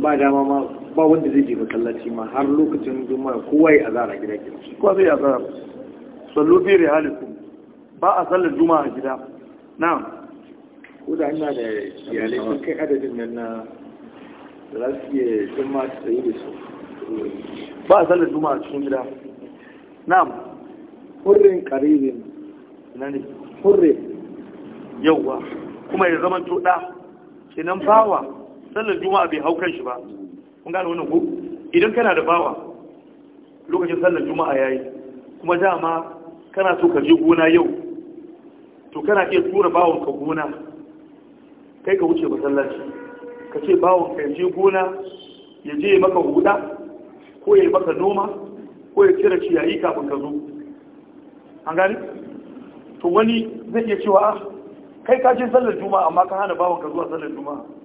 ba dama ma ba wanda zai je masallaci ma har lokacin juma'a kowa ya azara gida gida kowa zai azara sallu bi rihalikum ba a sallar juma'a gida na'am ko da ina da iyalai sun kai adadin nan na za su iya juma'a su yi da su ba a sallar juma'a cikin gida na'am hurrin na ne hurre yauwa kuma ya zama to da kenan bawa sallar juma'a bai hau kan shi ba kun gane wannan ko idan kana da bawa lokacin sallar juma'a yayi kuma dama kana so ka je gona yau to kana iya tura bawon ka gona kai ka wuce masallaci ka ce bawon ka je gona ya je maka huda ko ya maka noma ko ya cire ciyayi kafin ka zo an gani to wani zai iya cewa ah, kai ka je sallar juma'a amma ka hana bawon ka zuwa sallar juma'a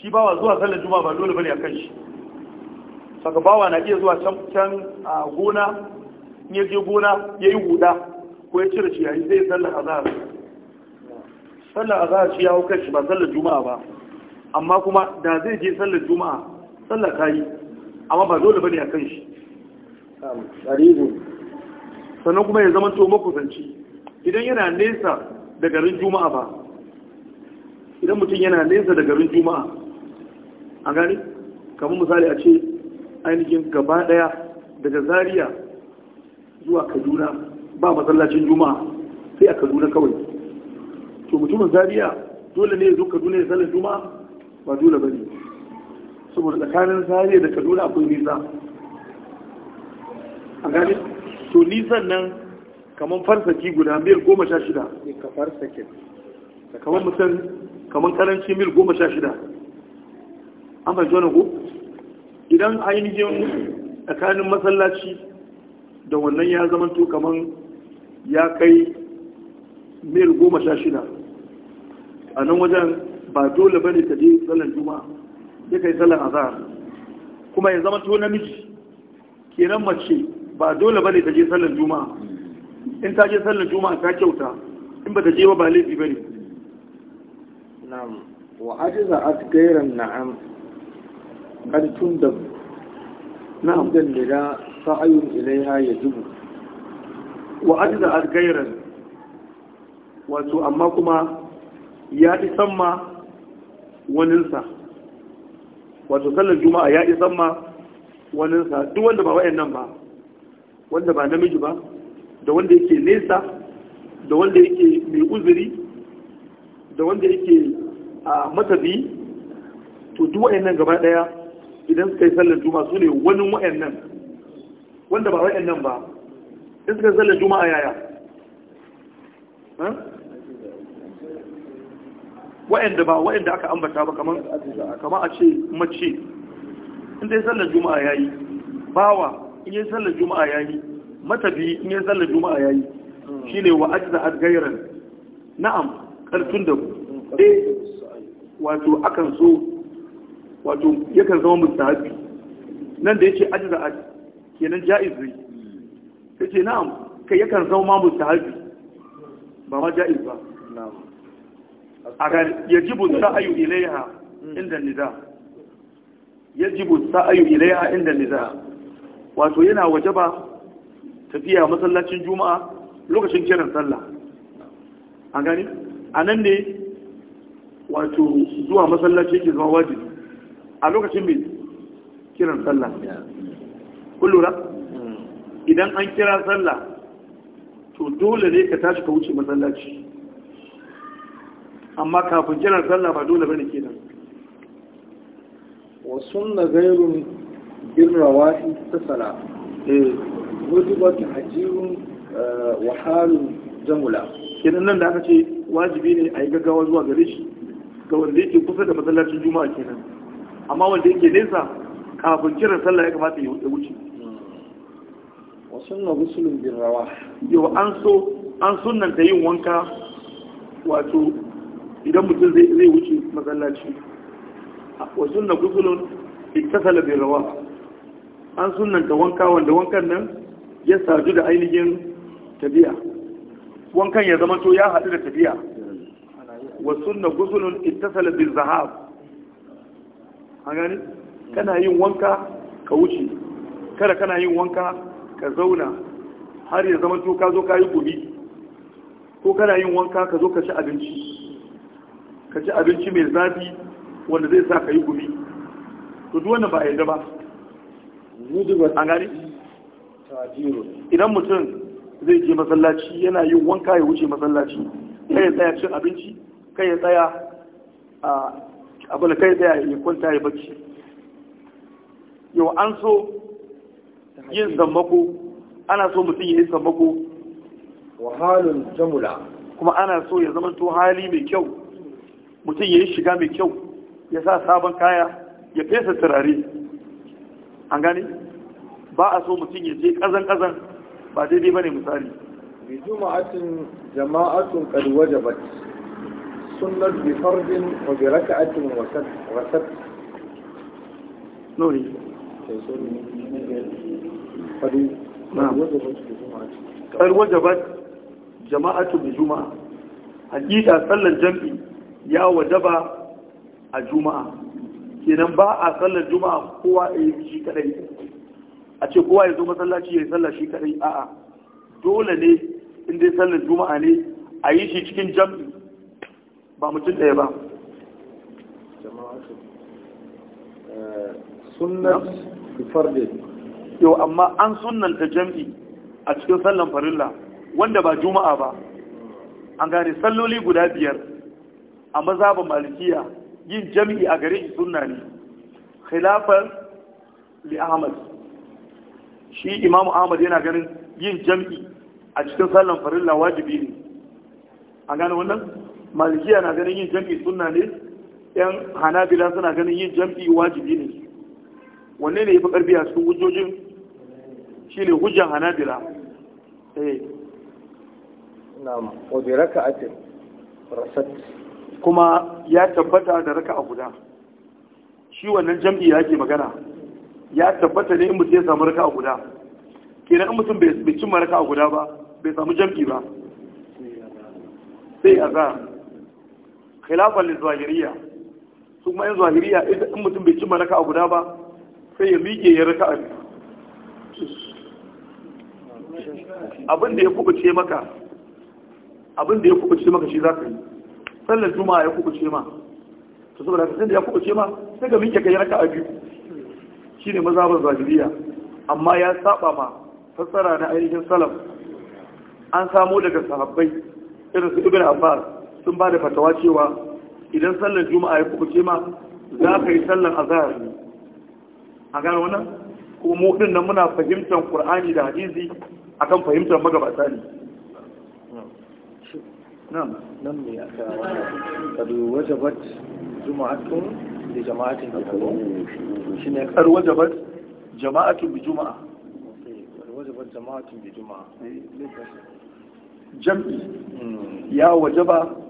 shi bawa zuwa sallar juma'a ba dole bane akan shi saka bawa na iya zuwa can can a gona in ya je gona ya yi huda ko ya cire ciyayi sai sallar azhar sallar azhar shi ya hau shi ba sallar juma'a ba amma kuma da zai je sallar juma'a sallar kai amma ba dole bane akan shi sannan kuma ya zama to makusanci idan yana nesa da garin juma'a ba idan mutum yana nesa da garin juma'a a gani kamar misali a ce ainihin gaba daya daga Zariya zuwa kaduna ba masallacin juma'a sai a kaduna kawai to mutumin Zariya dole ne ya zo kaduna ya sallar juma'a ba dole ba ne saboda tsakanin Zariya da kaduna akwai nisa a gani to nisan nan kamar farsaki guda mil goma sha shida kamar mutum kamar karanci mil goma sha shida an fahimci wani ko idan ainihin tsakanin masallaci da wannan ya zamanto kamar ya kai mil goma sha shida a nan wajen ba dole ba ne ta je tsallar juma'a ya kai tsallar azahar kuma ya zamanto namiji kenan mace ba dole ba ne ta je tsallar juma'a in ta je tsallar juma'a ta kyauta in ba ta je ba ba laifi ba ne na'am wa ajiza a gairan na'am Ƙarfin na قد تندب نعم لها ya إليها wa وأجزأ غيرا wato amma kuma ya isan ma waninsa wato sallar juma'a ya isan ma waninsa duk wanda ba nan ba wanda ba namiji ba da wanda yake nesa da wanda yake mai uzuri da wanda yake a matabi to duk wayannan gaba daya idan suka yi sallar juma'a su ne wani wa'annan wanda ba wa'annan ba in suka yi sallar juma'a yaya wa'anda ba wa'anda aka ambata ba kamar a ce mace in ta yi sallar juma'a yayi bawa in yi sallar juma'a yayi matabi in yi sallar juma'a yayi ne wa ajza adgairan na'am kartun da eh wato akan so wato yakan zama mustahabi nan da yake ajza a kenan jaiz ne sai ce na'am kai yakan zama ma ba ma jaiz ba a ga yajibu sa'ayu ilaiha inda nida yajibu sa'ayu ilaiha inda nida wato yana waje ba tafiya masallacin juma'a lokacin kiran sallah an gani a nan ne wato zuwa masallaci ke zama wajibi a lokacin mai kiran sallah kullura hmm. idan an kira sallah to dole ne ka tashi ka wuce masallaci amma kafin kiran sallah ba dole bane kenan wa sunna ghayrun birrawa'i ta sala eh wajen hajirun eh, wa halun jamula kenan nan da aka ce wajibi ne a yi gaggawa zuwa gare shi ga wanda yake kusa da masallacin juma'a kenan amma wanda yake nesa kafin kiran sallah ya kamata ya wuce wasu na musulun bin rawa yau an so an sunanta yin wanka wato idan mutum zai wuce masallaci wasu na gusulun ikasala bin rawa an sunanta wanka wanda wankan nan ya saju da ainihin tabiya wankan ya zama to ya haɗu da tabiya wasu na gusulun ikasala bin zahab an kana yin wanka ka wuce kada kana yin wanka ka zauna har ya zama ka zo ka yi gumi ko kana yin wanka ka zo ka ci abinci ka ci abinci mai zafi wanda zai sa ka yi gumi to duk ba a yadda ba an idan mutum zai je masallaci yana yin wanka ya wuce masallaci kai ya tsaya cin abinci kai ya tsaya a abin kai da ya kwanta ya bacci yau an so yin sammako ana so mutum yin sammako wahalun jamula kuma ana so ya zama to hali mai kyau mutum ya yi shiga mai kyau ya sa sabon kaya ya fesa turare an gani ba a so mutum ya je kazan-kazan ba daidai ba ne misali juma'atin jama'atun kaduwa ba. السنة بفرض وبركعة وسد وسد نوري قد وجبت جماعة بجمعة حقيقة صلى الجمع يا وجب الجمعة kenan ba a sallar juma'a kowa ya yi shi kadai a ce kowa ya zo masallaci ya sallar shi kadai a'a dole ne in dai sallar juma'a ne a yi shi cikin jam'i ba mutum ɗaya ba sunnat yau amma an sunnanta jam'i a cikin sallan farilla wanda ba juma'a ba an gane salloli guda biyar a mazhabin malikiya yin jam'i a gare sunna ne khilafar li ahmad shi imamu ahmad yana ganin yin jam'i a cikin sallan farilla wajibi ne an gane wannan malikiya na ganin yin jam'i sunna ne yan hanabila suna ganin yin jam'i wajibi ne wanne ne yafi karfi a cikin hujjojin Shi ne hujjan hanabila eh na'am wa bi raka'atin rasat kuma ya tabbata da raka'a guda shi wannan jam'i yake magana ya tabbata ne in mutum ya samu raka'a guda kenan in mutum bai cimma raka'a guda ba bai samu jam'i ba sai azhar khilafan lizahiriya su kuma yin zahiriya in mutum bai cimma raka'a guda ba sai ya miƙe ya raka'a abin da ya kubuce maka abin da ya kubuce maka shi zaka yi sallar juma'a ya kubuce ma to saboda ka da ya kubuce ma sai ka miƙe kai raka'a biyu shine mazhabar zahiriya amma ya saba ma fassara na ainihin salaf an samo daga sahabbai irin su ibn abbas sun ba da fatawa cewa idan sallar juma'a ya kuka ma za ka yi sallar azahar ne a gane wannan kuma mu nan muna fahimtar Kur'ani da Hadizi a kan fahimtar magabata ne nan ne eh, jam'i ya wajaba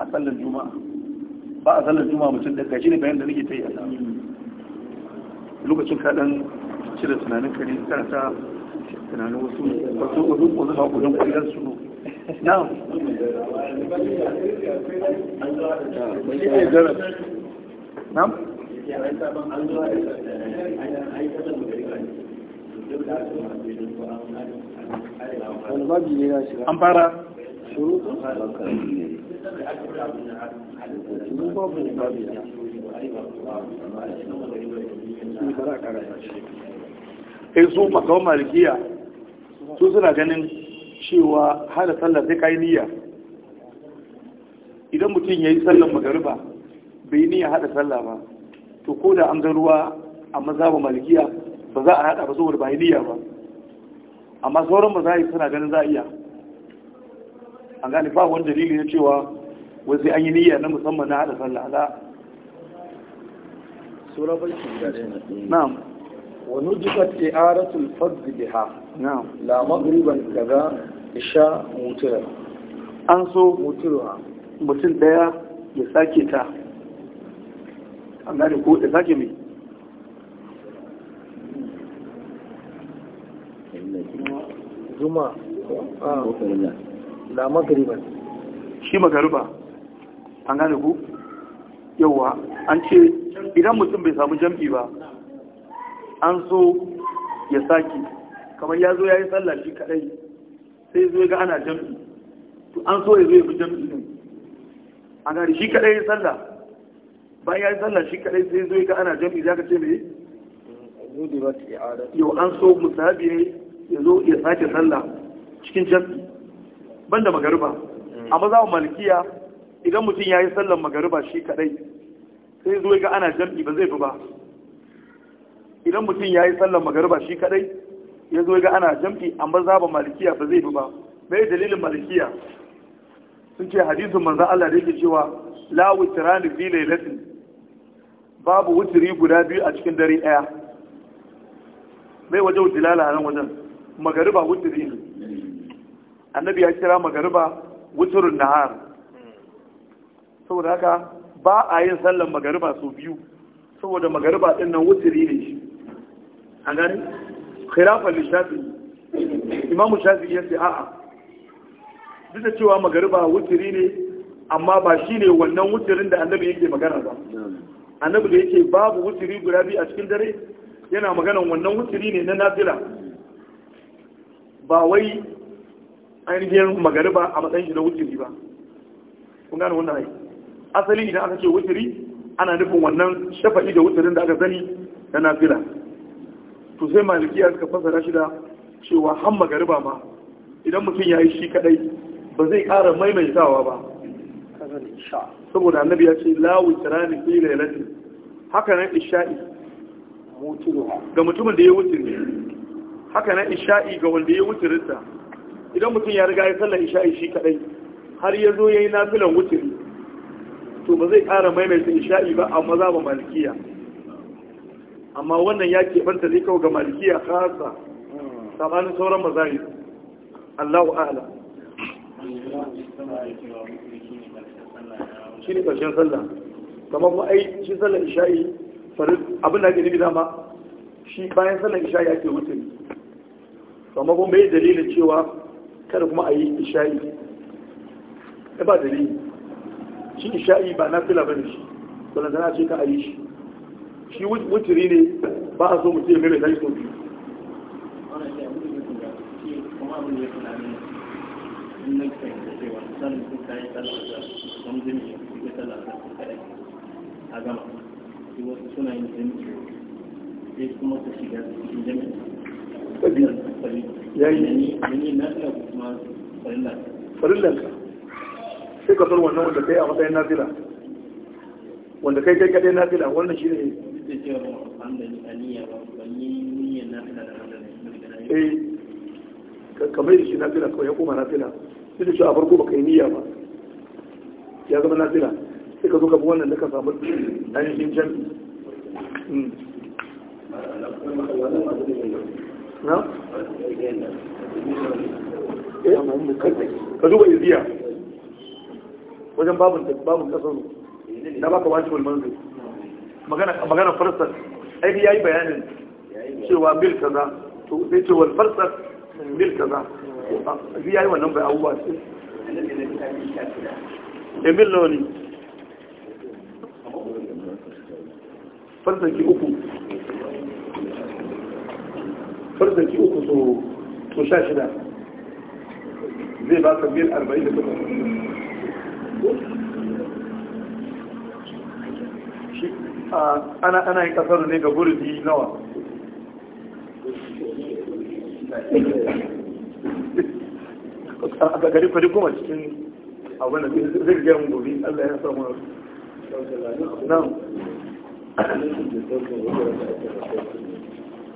a sallar juma'a ba a sallar juma'a mutum da gaji ne bayan da nake ta yi a lokacin kaɗan cire tunanin kare kana ta tunanin wasu wasu wasu wasu hakunan kwallon su na na an fara shuru kai eh, su makawar malikiya su suna ganin cewa hada sallar sai kai niyya idan mutum ya yi sallar magariba bai niyya hada sallah ba to ko da an ga ruwa a mazaba malikiya ba za a hada ba saboda ba yi niyya ba amma sauran ba za a yi suna ganin za a iya an gane ba wani dalili na cewa wai an yi niyya na musamman na haɗa sallah ala sura barki guda ɗaya na'am wa nujibat i'aratul fard biha na'am la maghriban isha mutira an so mutira mutum ɗaya ya sake ta an gane ko ya sake mai zuma da magriban shi magariba an gane ku yawa an ce idan mutum bai samu jam'i ba an so ya saki kamar ya zo ya yi sallah shi kadai sai zo ga ana jam'i to an so ya zo ya fi jam'i ne an gane shi kadai ya sallah bayan ya yi sallah shi kadai sai zo ga ana jam'i za ka ce mai yau an so musabi ne ya zo ya sake sallah cikin jam'i banda magariba mm. a mazhabin malikiya idan mutum ya yi sallan magariba shi kadai sai zuwa ga ana jam'i ba zai fi ba idan mutum ya yi sallan magariba shi kadai ya zuwa ga ana jam'i a ba malikiya ba zai fi ba mai dalilin malikiya sun ce hadisin manzan Allah da yake cewa la witrani fi lailatin babu wutiri guda biyu a cikin dare ɗaya mai wajen dilala a nan wajen magariba wutiri ne annabi ya kira magariba wuturin nahar saboda haka ba a yin sallan magariba sau biyu saboda magariba din nan wuturi ne shi a gani khilafan shafi imamu shafi ya ce a'a duk da cewa magariba wuturi ne amma ba shi ne wannan wuturin da annabi yake magana ba annabi da yake babu wuturi guda biyu a cikin dare yana magana wannan wuturi ne na nafila ba wai ainihin magariba a matsayin shi na wuturi ba kun gane wannan aiki asali idan aka ce wuturi ana nufin wannan shafa'i da wuturin da aka sani na nafila to sai ya suka fasara shi da cewa han magariba ma idan mutum ya yi shi kadai ba zai ƙara maimaitawa ba saboda annabi ya ce la wutura ne fi lailatin haka nan isha'i ga mutumin da ya wuturi haka nan isha'i ga wanda ya wuturinta idan mutum ya riga ya sallar isha'i shi kadai har ya zo ya yi nafilan wuturi to ba zai ƙara maimaita isha'i ba a maza ba malikiya amma wannan ya ke banta zai kawo ga malikiya kasa tsamanin sauran mazari allahu ala shi ne ƙarshen sallah kamar kuma ai shi sallar isha'i abin da ake nufi dama shi bayan sallar isha'i ake wuturi kamar kuma bai dalilin cewa kada kuma a yi isha'i ya ba dalili shi isha'i ba na fila bane shi sannan tana ce ka a yi shi shi wuturi ne ba a so mutum ya mere na yi sau biyu a gama wasu suna yin a sai kuma ta shiga cikin jami'i sabi ya sai ka san wannan wanda kai a matsayin nazila wanda kai kai kadai nazila wannan shi ne eh kamar da shi nazila kawai ya koma nazila duk da cewa farko baka yi niyya ba ya zama nazila sai ka zo ka bi wannan da ka samu ainihin jami'i hmm. Eh? ka duba wajen babin kasar na baka wajibul manzil magana farsar aiki ya yi bayanin cewa mil kaza to sai cewa farsar mil kaza zai ya yi wannan bai abubuwa ce ya eh, mil na wani farsar ki uku farzaki uku so sha shida zai ba ka biyar arba'in da takwas ana ana yin kasar ne ga burji nawa a gari kwari kuma cikin abin da zai gaya mun gobe allah ya samu nan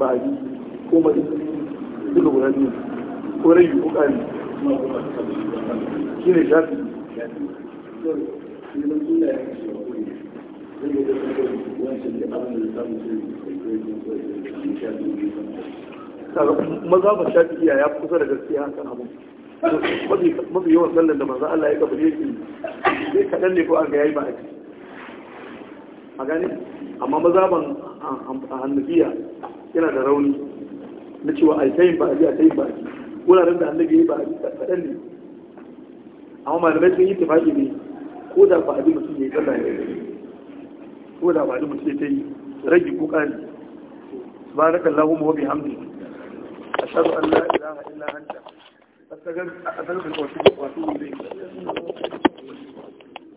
bari ko mai duka guda biyu ko rai yi ƙari shi ne shafi maza ba shafi iya ya kusa da gaskiya kan abu mafi yawan sallar da maza Allah ya kabare shi sai kaɗan ne ko an ga yayi ba a a gane amma mazaban a hannabiya yana da rauni na cewa a ta yin ba a ji a ta yin ba a ji wuraren da annabi ya ba a ji kaɗan ne amma malamai sun yi tafaki ne ko da ba a ji mutum ya yi kaɗa ya yi ko da ba a ji mutum ya ta yi ko Ba rage kokari subhanaka allahumma wa A shaɗu an la ilaha illa anta a asagar da wasu wasu ne